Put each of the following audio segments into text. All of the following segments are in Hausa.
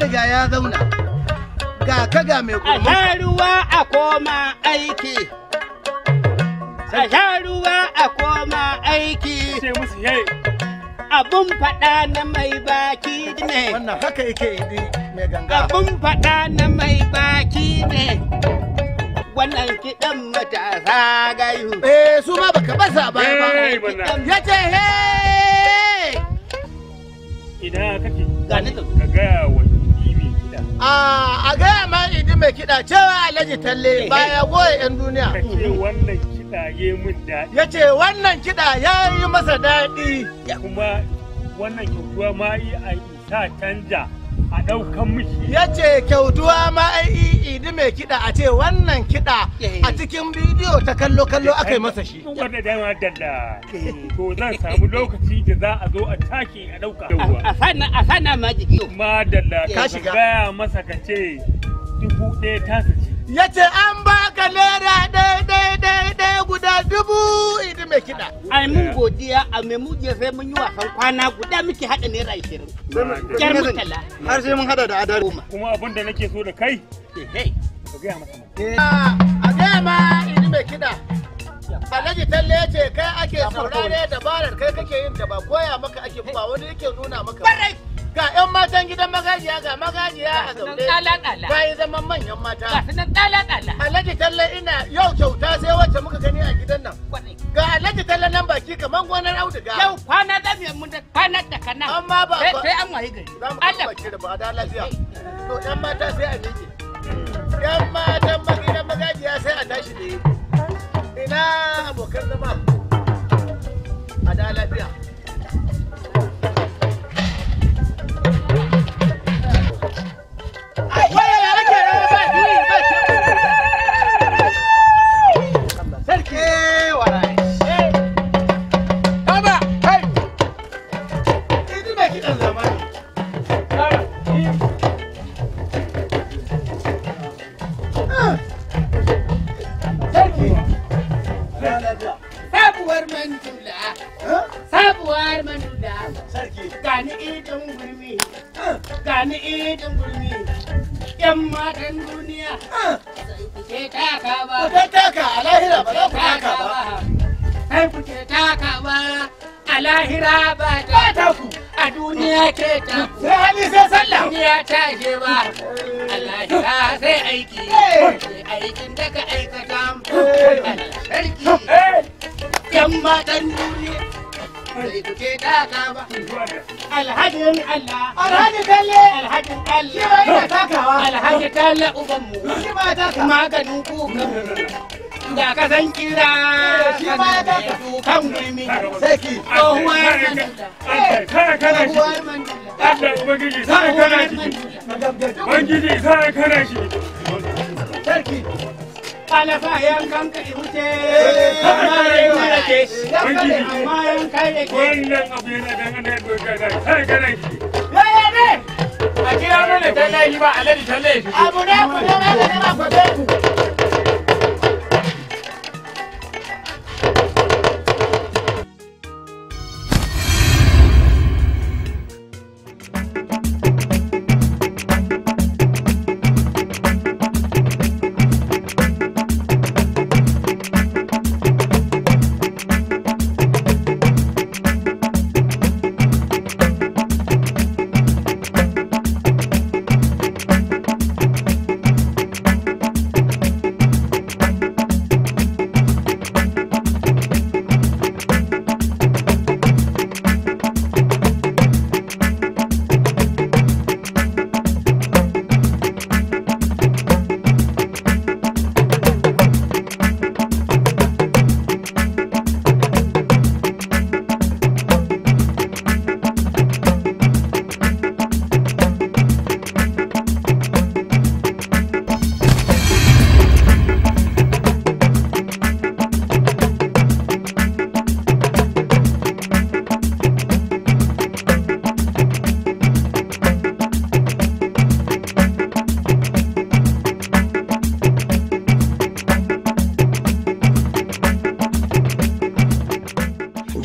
riga ya zauna ga ka ga mai kuma a ruwa a koma aiki a ruwa a koma aiki ce musu yayi abun fada na mai baki ne wannan haka yake idi mai ganga abun fada na mai baki ne wannan kiɗan matasa gayu eh su ma baka basa ba ba ya ce he ina kake ga ni ka ga a gaya ma idi mai kiɗa cewa alhaji talle baya goya 'yan duniya wannan kiɗa ya min daɗi ya ce wannan kiɗa ya yi masa daɗi kuma wannan kyautuwa ma yi a isa canja a ɗaukan mishi. Ya ce kyautuwa ma ai idi mai kiɗa a ce wannan kiɗa eh. a cikin bidiyo ta kallo kallo eh, aka yi masa shi. Wanda da yawa dalla eh. to zan samu lokaci da za a zo a take a ɗauka. A sana a sana ma jiki. Ma dalla ka shiga. baya masa ka ce dubu ɗaya ta sace. ya ce an baka naira ɗaya guda dubu idi mai kiɗa ai mun eh. godiya a mai muje sai mun yi wasan kwana guda muke haɗa naira ashirin kyar mutala har sai mun haɗa da adar kuma. kuma abin da nake so da kai eh, eh, a gaya ma idi mai kiɗa Alhaji Talle ce kai ake saurare dabarar kai kake yin da ba koya maka ake ba wani yake nuna maka. Barai! ga 'yan matan gidan magajiya ga magajiya a zaune ga yi zaman manyan mata ga sunan tsala-tsala alhaji talla ina yau kyauta sai wacce muka gani a gidan nan ga alhaji talle nan baki kamar gonar auduga yau kwana za mu yi mun da kwana da kana amma ba sai an wayi gari za mu kuma kira ba da lafiya to 'yan mata sai a miƙe 'yan matan gidan magajiya sai a tashi da ina abokan zama a da lafiya mandulla eh? sabuwar gani idan gurmi gani idan gurmi yan matan duniya eh? ke taka ba ke taka a lahira ba za ku taka ba kai ku taka ba a lahira ba ta ku a duniya ke ta sai hali sai sallah duniya ta je ba a lahira sai aiki eh. aikin da ka aikata mu sarki yan matan duniya bai duke taka ba alhajin Allah alhaji talle shi ba ina takawa alhaji talle uban shi ba taka maganin kukan da ka san kira eh, shi ba taka kukan gurmi saki eh, eh, tsohuwar mandala kana shi ubangiji sai kana shi ubangiji sai kana shi sarki yan yankan ka wuce bayan kai da ke wannan abu yana dangane da dokar da kai ne a kira mana ta laifi ba alade ta abu ne ku ne ma da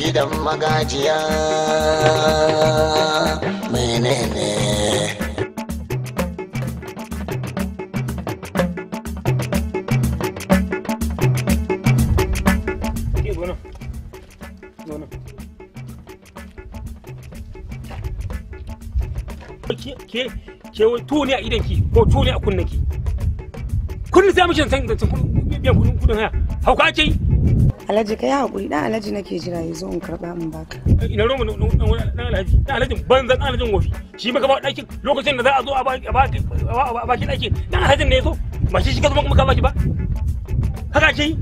gidan magajiya menene ke ke wai tuni a idan ki ko tuni a kunnaki ki kullum sai mishin san biyan kudin haya hauka ce Alhaji kai hakuri dan Alhaji nake jira yanzu in karba min baka. Ina ruwan dan Alhaji dan Alhaji banzan dan Alhaji wofi shi maka ba dakin lokacin da za a zo a ba a ba ki daki dan Alhaji ne yazo ba shi shi ka zo kuma ka baki ba. Haka ke yi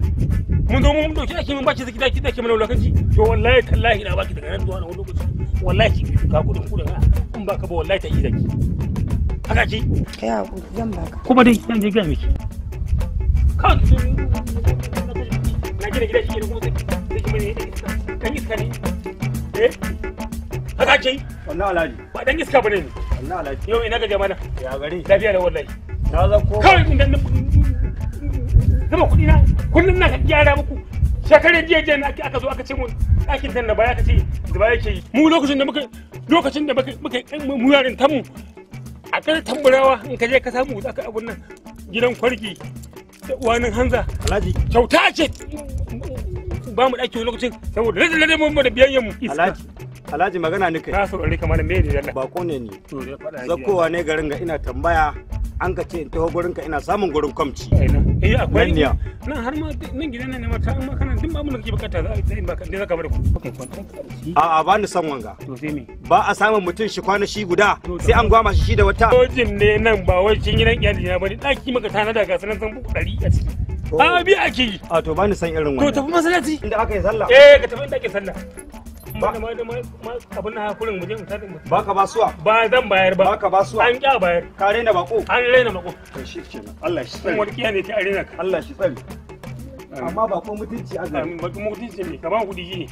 mun zo mun dauki daki mun baki zaki daki daki mun lokaci to wallahi tallahi na baki daga nan zuwa wani lokaci wallahi ka kudin kudin in baka ba wallahi ta yi zaki. Haka ke yi. Kai hakuri zan baka. Kuma dai zan je gaya miki. Kan ka gina gida eh? yi dan bane na zama kuɗi na kullum na gyara muku shekarar jiya jiya aka zo aka ce mu ɗakin nan da baya ka ce da baya ke yi mu lokacin da muka lokacin da muka muka mu yarin tamu a ƙasar tamburawa in ka je ka samu aka abun nan gidan kwarki wannan hanza alhaji kyauta ce ba mu ɗaki lokacin saboda rage rage da biyayyen mu alhaji alhaji magana ni kai na ba ko ne ni zakowa ne garin ga ina tambaya an ka ce in taho gurin ka ina samun gurin kwamci eh akwai nan har ma nan gidan nan ne ma kana bukata za a baka bar ku a a ba ni san wanga to sai me ba a samun mutum shi kwana shi guda sai an gwama shi da wata dojin ne nan ba wai kin yi nan daki maka tana san buku 100 a ciki a bi ake yi a to ba ni san irin wannan to tafi masallaci inda aka yi sallah eh ka tafi inda ake sallah abin na hakurin mu je mu tare mu baka basuwa ba zan bayar ba baka basuwa an kya bayar ka rena bako an rena bako shi Allah shi tsare wani ne ka Allah shi tsare amma ba ko mutunci a gari mutunci ne kudi ne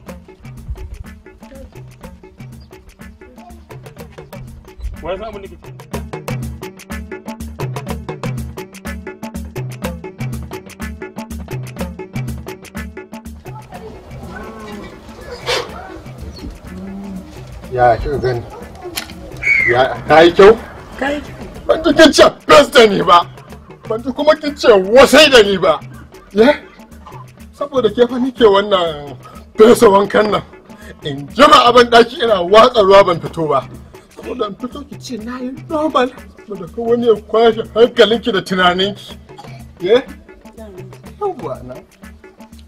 wai san abin da ya kika gani ya ta yi kyau ban ji kin ce best da ni ba ban ji kuma kin ce wasai da ni ba ya saboda ke fa nike wannan fesa wankan nan in jima abin daki ina watsa ruwa ban fito ba saboda in fito ki ce na yi normal saboda ko wani ya kwashe hankalinki da tunaninki ya yawwa na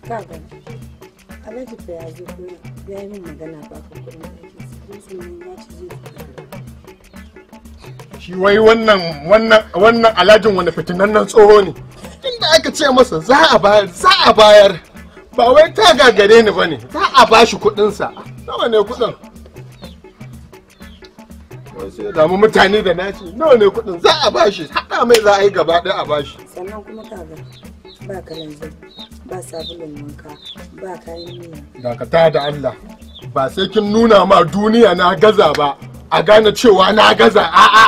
ka gani alhaji fa ya zo ya yi min magana ba ka kuma aiki shi wai wannan wannan wannan alajin wanda fitinan nan tsoho ne inda aka ce masa za a bayar za a bayar ba wai ta gagare ni bane za a bashi kuɗinsa nawa ne kuɗin sai damu mutane da naci nawa ne kuɗin za a bashi haɗa mai za a yi gaba ɗaya a bashi sannan kuma kaga ba kalanzir ba sabulun wanka ba kayan miya dakata da Allah ba sai kin nuna ma duniya na gaza ba a gane cewa na gaza a'a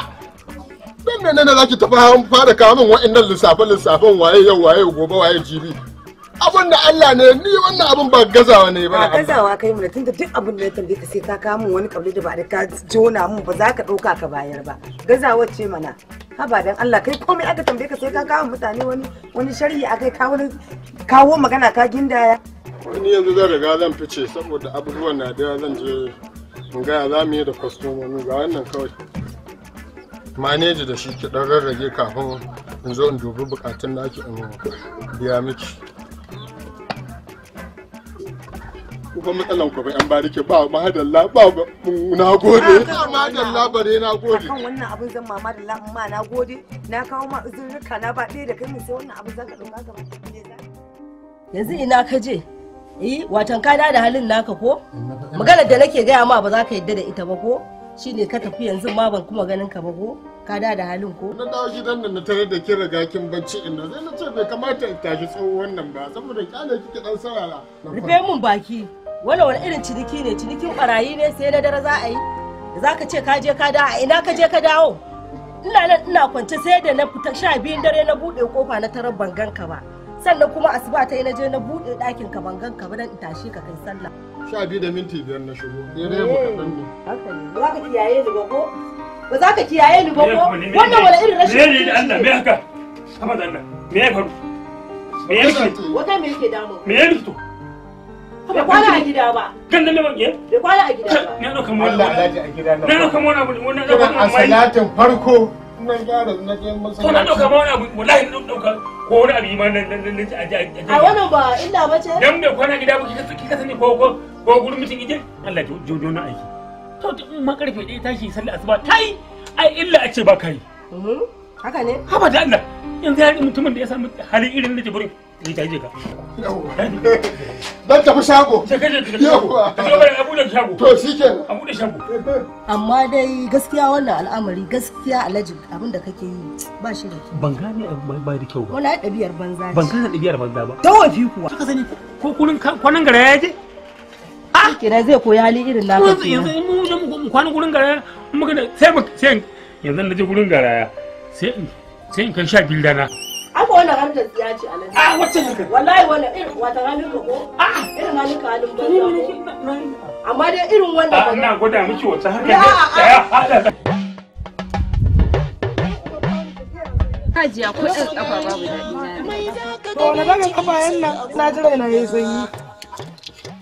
don nan ne zaki tafi fara kawo min wa'annan lissafe lissafen waye yau waye gobe waye jibi abin da Allah ne ni wannan abin ba gazawa ne ba ba gazawa kai mun tunda duk abin da ya tambaye ka sai ka kawo min wani kabli da ba da ka jona mun ba za ka dauka ka bayar ba gazawa ce mana haba dan Allah kai komai aka tambaye ka sai ka kawo mutane wani wani sharhi akai ka wani kawo magana ka gindaya ni yanzu zan riga zan fice saboda abubuwan na da zan je in gaya za mu yi da kwastomomi ga wannan kawai maneji da shi ki dan rarrage kafin in zo in dubi bukatun naki in biya miki kuma matsalan ku yan barike ba madalla ba na gode ba ne na gode kan wannan abin zan ma la amma na gode na kawo ma rika na ba ɗaya da kai mu sai wannan abin zan ka dauka gaba yanzu ina ka je eh watan ka da halin naka ko maganar da nake gaya ma ba za ka yadda da ita ba ko ne ka tafi yanzu ma ban kuma ganin ka ba ko ka da da halin ko na dawo gidan nan na tare da kin riga kin bacci inda zai na ce bai kamata in tashi tsawon wannan ba saboda kyale kike dan sarara rufe mun baki wala wani irin ciniki ne cinikin barayi ne sai na dare za a yi da za ka ce ka je ka dawo a ina ka je ka dawo ina nan ina kwance sai da na fita sha biyun dare na buɗe kofa na tarar ban ka ba sannan kuma asuba ta yi na na buɗe ɗakin ka bangan ka tashi ka kai sallah sha biyu da minti biyar na shigo mu eh, kaɗan ne ba za ka kiyaye ni ba ko za ka kiyaye ni wannan wani irin rashin ne da Allah me haka Kama da Allah me ya faru me ya fito wata me yake damu me ya fito bai kwana a gida ba kan nan ne wanke bai kwana a gida ba na ɗaukan wani abu na ɗaukan wani abu ɗaukan wani abu a salatin farko na gyara na to na dauka ma wani abu wallahi na dauka ko wani abu ma a je a wannan ba illa ba ce dan bai kwana gida ba kika kika sani ko ko ko gurin mutum ije Allah ji jojo na aiki to ma karfe 1 tashi sallar asuba tai ai illa a ce ba kai mm-hmm. haka ne haba da Allah yanzu ya mutumin da ya samu halin irin na jibrin Ni ta je shago. Yawwa. A bude shago. Amma dai gaskiya wannan al'amari gaskiya alhaji abin da kake yi ba shi da kyau. Ban gane ba da kyau ba. Wala ɗabiyar banza ce. Ban gane ɗabiyar banza ba. Dawafi kuwa. Kaka sani ko kunin kwanan gara ya je? Ah. Kira zai koya hali irin naka. Yanzu yanzu mu je mu kwanan gurin gara muka sai mu sai yanzu na je gurin garaya sai in sai in kan sha bildana. Aka wannan har da tsiya ce alaji. A ah, wacce haka? Wallahi wannan irin wata halin ka ko? A ah! irin halin ka halin banza ko? Amma dai irin wannan ba. Ah, ina gwada miki wacce haka ne. Hajiya ko ɗan ƙafa babu daɗi na. To na daga ƙafa yan nan na jira na yi sanyi.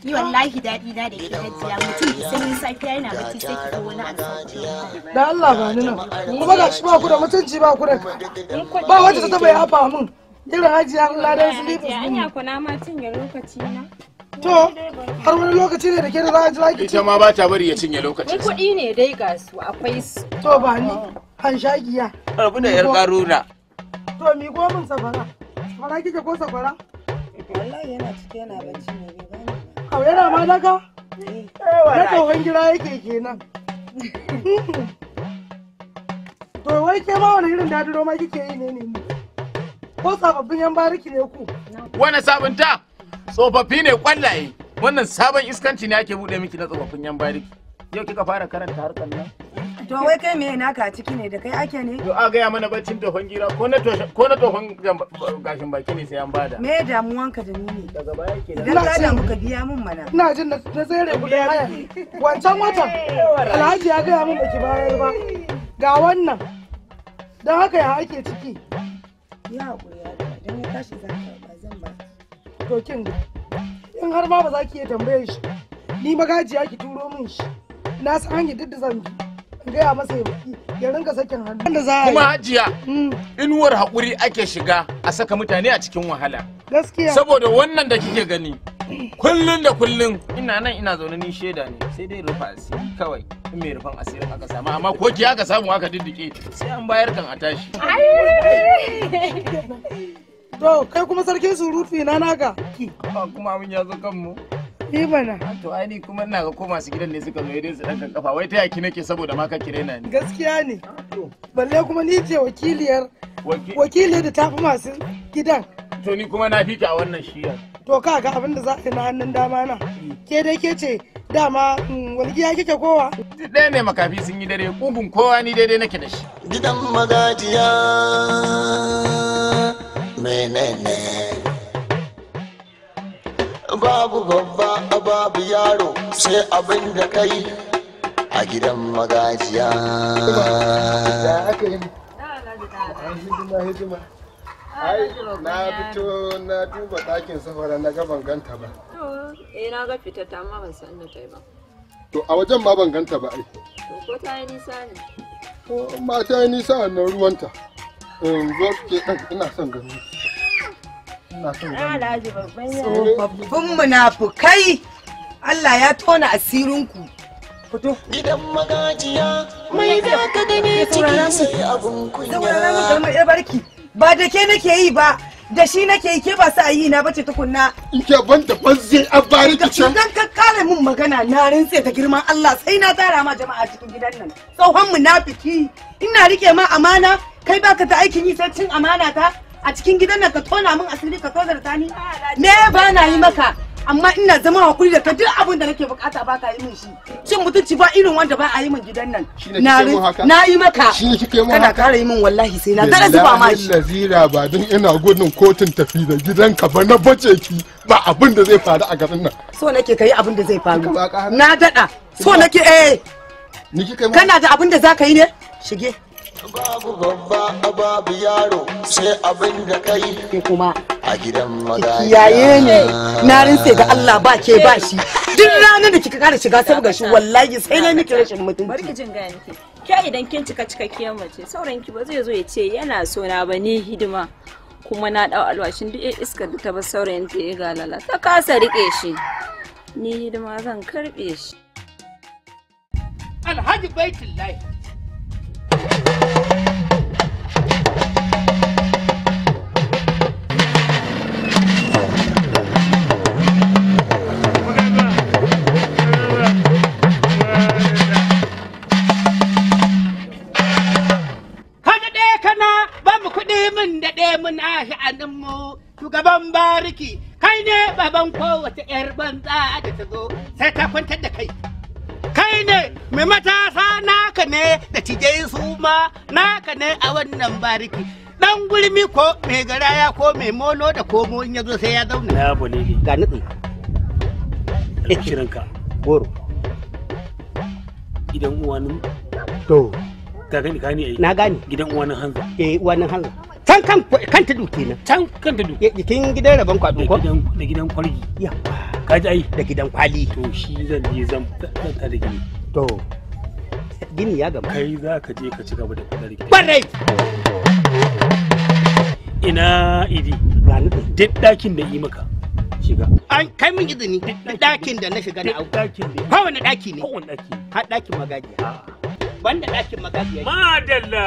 ni wallahi daɗi na da ke hajiya mutum ki sanin safiya yana bacci sai ki zo wani an da Allah ba ni nan kuma ga shi ba ku da mutunci ba ku da ba wacce ta taba ya fa min irin hajiya in ladan su ne anya ku na ma cinye lokaci na to har wani lokaci ne da ke da za a ji laki ita ma ba ta bari ya cinye lokaci wai kuɗi ne dai ga su akwai su to ba ni hanshagiya rabu da yar garura to mi gomin safara fara kike ko safara wallahi yana cike yana bacci ne Aure na ma daga? Eh, na tsohon gida yake kenan. To wai ke ma wani irin dadiro ma kike yi ne ne Ko sababbin yan bariki ne ku? Wani sabunta? Tsofaffi ne kwallaye. Wannan sabon iskanci ne ake buɗe miki na tsofaffin yan bariki. Yau kika fara karanta harkar nan? To wai kai me naka a ciki ne da kai ake ne? To a gaya mana baccin tohon gira ko na tohon gashin baki ne sai an bada. Me damuwanka da ni ne? Daga baya ke Idan ka damu ka biya min mana. Ina jin na tsere da haya. Wancan watan Alhaji ya gaya min baki bayar ba. Ga wannan. Don haka ya ake ciki. Ya haƙuri ya dan ya tashi za ka ba zan ba. To kin ga. In har ma ba za ki iya tambayar shi. Ni magajiya ki turo min shi. Na san hanyar duk da zan bi. gaya masa ya baki ya rinka sakin hannu kuma hajiya mm. inuwar haƙuri ake shiga a saka mutane a cikin wahala gaskiya saboda wannan da kike gani kullun da kullun ina nan ina zaune ni shaida ne sai dai rufa asiri kawai in mai rufan asirin aka samu amma ko ki aka samu aka diddike sai an bayar kan a tashi to kai kuma sarkin surutu ina naka kuma mun kanmu Yi To ai ni kuma ina ga ko masu gidan ne suka zo dai su dan kafa wai ta ki nake saboda ma ka kire na ni. Gaskiya ne. Balle kuma ni ce wakiliyar wakili da tafi masu gidan. To ni kuma na fi ki a wannan shiyar. To ka ga abin da za a yi na hannun dama na. Ke dai ke ce dama mm, walgiya kike kowa. Ɗaya ne makafi sun yi dare ƙugun kowa ni daidai nake da shi. Gidan magajiya menene. babu babba a babu yaro sai abin da kai a gidan magajiya na fito na duba ɗakin safara na ga ban ganta ba eh na ga fita ta amma ban san da ta ba to a wajen ma ban ganta ba ai ko ta yi nisa ne ko ma ta yi nisa na ruwanta Eh zo ke ina son gani Ah, Tsofaffin munafukai Allah ya tona asirinku. Fito. Gidan magajiya mai za ka gane ciki? sai abun kunya. Saboda na muka mai barki ba da ke nake yi ba da shi nake yi ke ba sa yi na bace tukunna. Ike ban da bazze a bari kicin. Dan ka kare min magana na rintse ta girman Allah sai na tara ma jama'a cikin gidan nan. Tsohon munafiki ina rike ma amana kai baka ta aikin yi sai cin amana ta. a cikin gidan nan ka tona min asiri ka da ni me ba na yi maka amma ina zama hakuri da ka duk abin da nake bukata ba ka yi min shi shin mutunci ba irin wanda ba a yi min gidan nan na yi maka kana kare yi min wallahi sai na zara zuba ma shi lazira ba don ina gudun kotun tafi da gidanka ba na bace ki ba abin da zai faru a garin nan so nake kai abin da zai faru na dada so nake eh kana da abin da zaka yi ne shige babu babba a babu yaro sai abin da kai kuma a gidan magana yaye ne na rinse ga Allah ba ke ba shi duk ranar da kika kare shiga sabga shi wallahi sai na miki rashin mutunci barki jin ga nake ke idan kin cika cikakkiyar mace sauran ki ba zai zo ya ce yana so na ba ni hidima kuma na dau alwashin duk iskar da ta bar saurayin ta ya galala ta kasa rike shi ni hidima zan karbe shi alhaji baitullahi uban kowace 'yar banza da ta zo sai ta kwantar da kai kai ne mai matasa naka ne da cijai su ma naka ne a wannan bariki dan gulmi ko mai garaya ko mai molo da komo in ya zo sai ya zauna ya bole ga nutsin shirinka goro gidan uwanin to ka gani ka ne na gani gidan uwanin hanza eh uwanin hanza can kan kan tudu kenan can kan tudu jikin gidan rabon kwado ko da gidan kwalgi yawa kaji ai da gidan kwali to shi zan je zan ta da gini to gini ya gama kai za ka je ka ci gaba da kudar gini barai ina idi duk dakin da yi maka shiga. An kai min izini ɗakin da na shiga na auku. Ɗakin ne. Kowane ɗaki ne. Kowane ɗaki. Har ɗakin magajiya. Ah. Banda ɗakin magajiya. Madalla.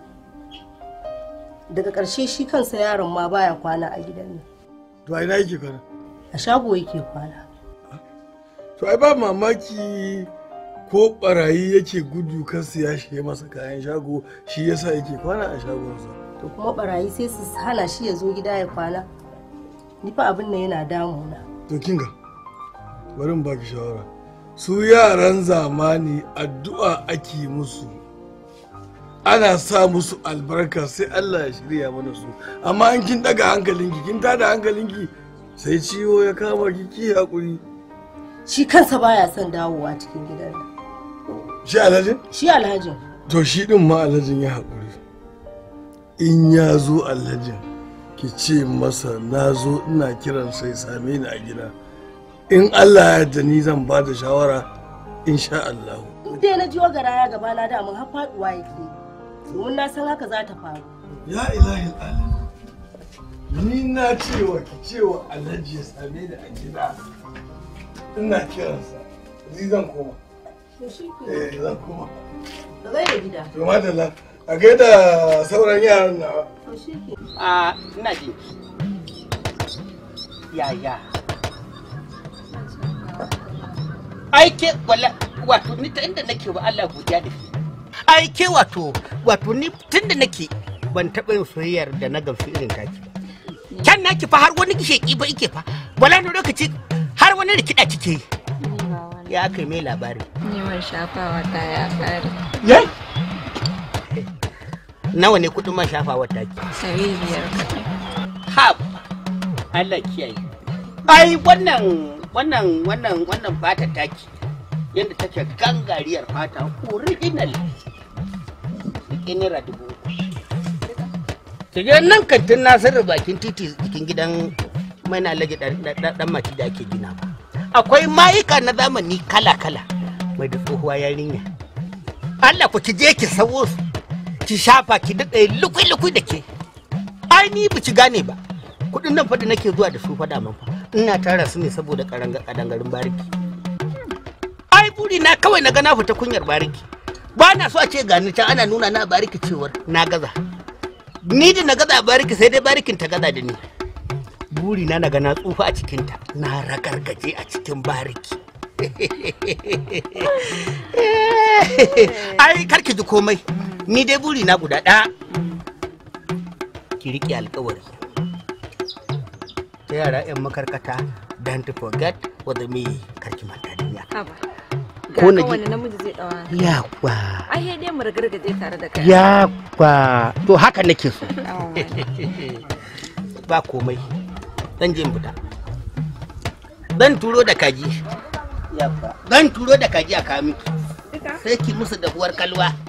daga ƙarshe shi kansa yaron ma baya kwana a gidan nan to ina yake kwana a shago yake kwana to ai ba mamaki ko barayi yake gudu kansa ya shige masa kayan shago shi yasa yake kwana a shagonsa to kuma barayi sai su hana shi ya zo gida ya kwana ni fa abin nan yana damuna to kinga bari in baki shawara su yaran zamani addu'a ake musu ana sa musu albarka sai Allah ya shirya mana su amma in kin daga hankalinki kin tada hankalinki sai ciwo ya kama ki ki hakuri shi kansa baya son dawowa cikin gidan nan shi alhajin shi alhajin to shi din ma alhajin ya hakuri in ya zo alhajin ki ce masa na zo ina kiran sai same ni a gida in Allah ya yarda ni zan ba da shawara insha Allah dai na ji gara ya gaba na da mun har faduwa yake Domin na san haka za ta faru. Ya ilahi alamin. Ni na cewa ki cewa Alhaji ya same ni a gida. Ina kiransa. Ni zan koma. To shi Eh zan koma. Da zai da gida. To madalla. A gaida sauran yaran na. a ina jin Ya ya. Ai ke wala wato ni ta inda nake wa Allah godiya da shi. ai ke wato wato ni tun da nake ban taɓa yin soyayyar da na gamsu irin taki kyan naki fa har wani ki ba ike fa wala ne lokaci har wani rikida kike ya aka yi mai labari neman shafawa ta ya kare yai nawa ne kudin man shafawa ta ki sai biyar kaɗai ha Allah kiyaye ai wannan wannan wannan wannan fata taki yadda take gangariyar fata original in dubu uku nan kantin nasiru bakin titi cikin gidan mai na lage dan mace da ake gina ba akwai mayuka na zamani kala-kala mai da tsohuwa yarinya Allah ku ki je ki sawo su ki shafa ki daɗe lukui-lukui da ke ai ni ba ci gane ba kuɗin nan fa da nake zuwa da su fada man fa ina tara su ne saboda karangarin bariki buri na kawai naga na fita kunyar bariki ba na so a ce gani can ana nuna na bariki cewar na gaza ni da na gaza bariki sai dai barikin ta gaza da ni buri na naga na tsufa a cikinta na ragargaje a cikin bariki ai karki ji komai ni dai buri na guda ɗaya ki riƙe alkawari ta yara 'yan makarkata don't forget what me karki manta duniya ko na ji namiji zai yakwa ai dai mu tare da kai yakwa to haka nake so ba komai dan je dan turo da kaji yakwa dan turo da kaji a kawo miki sai ki musu dahuwar kalwa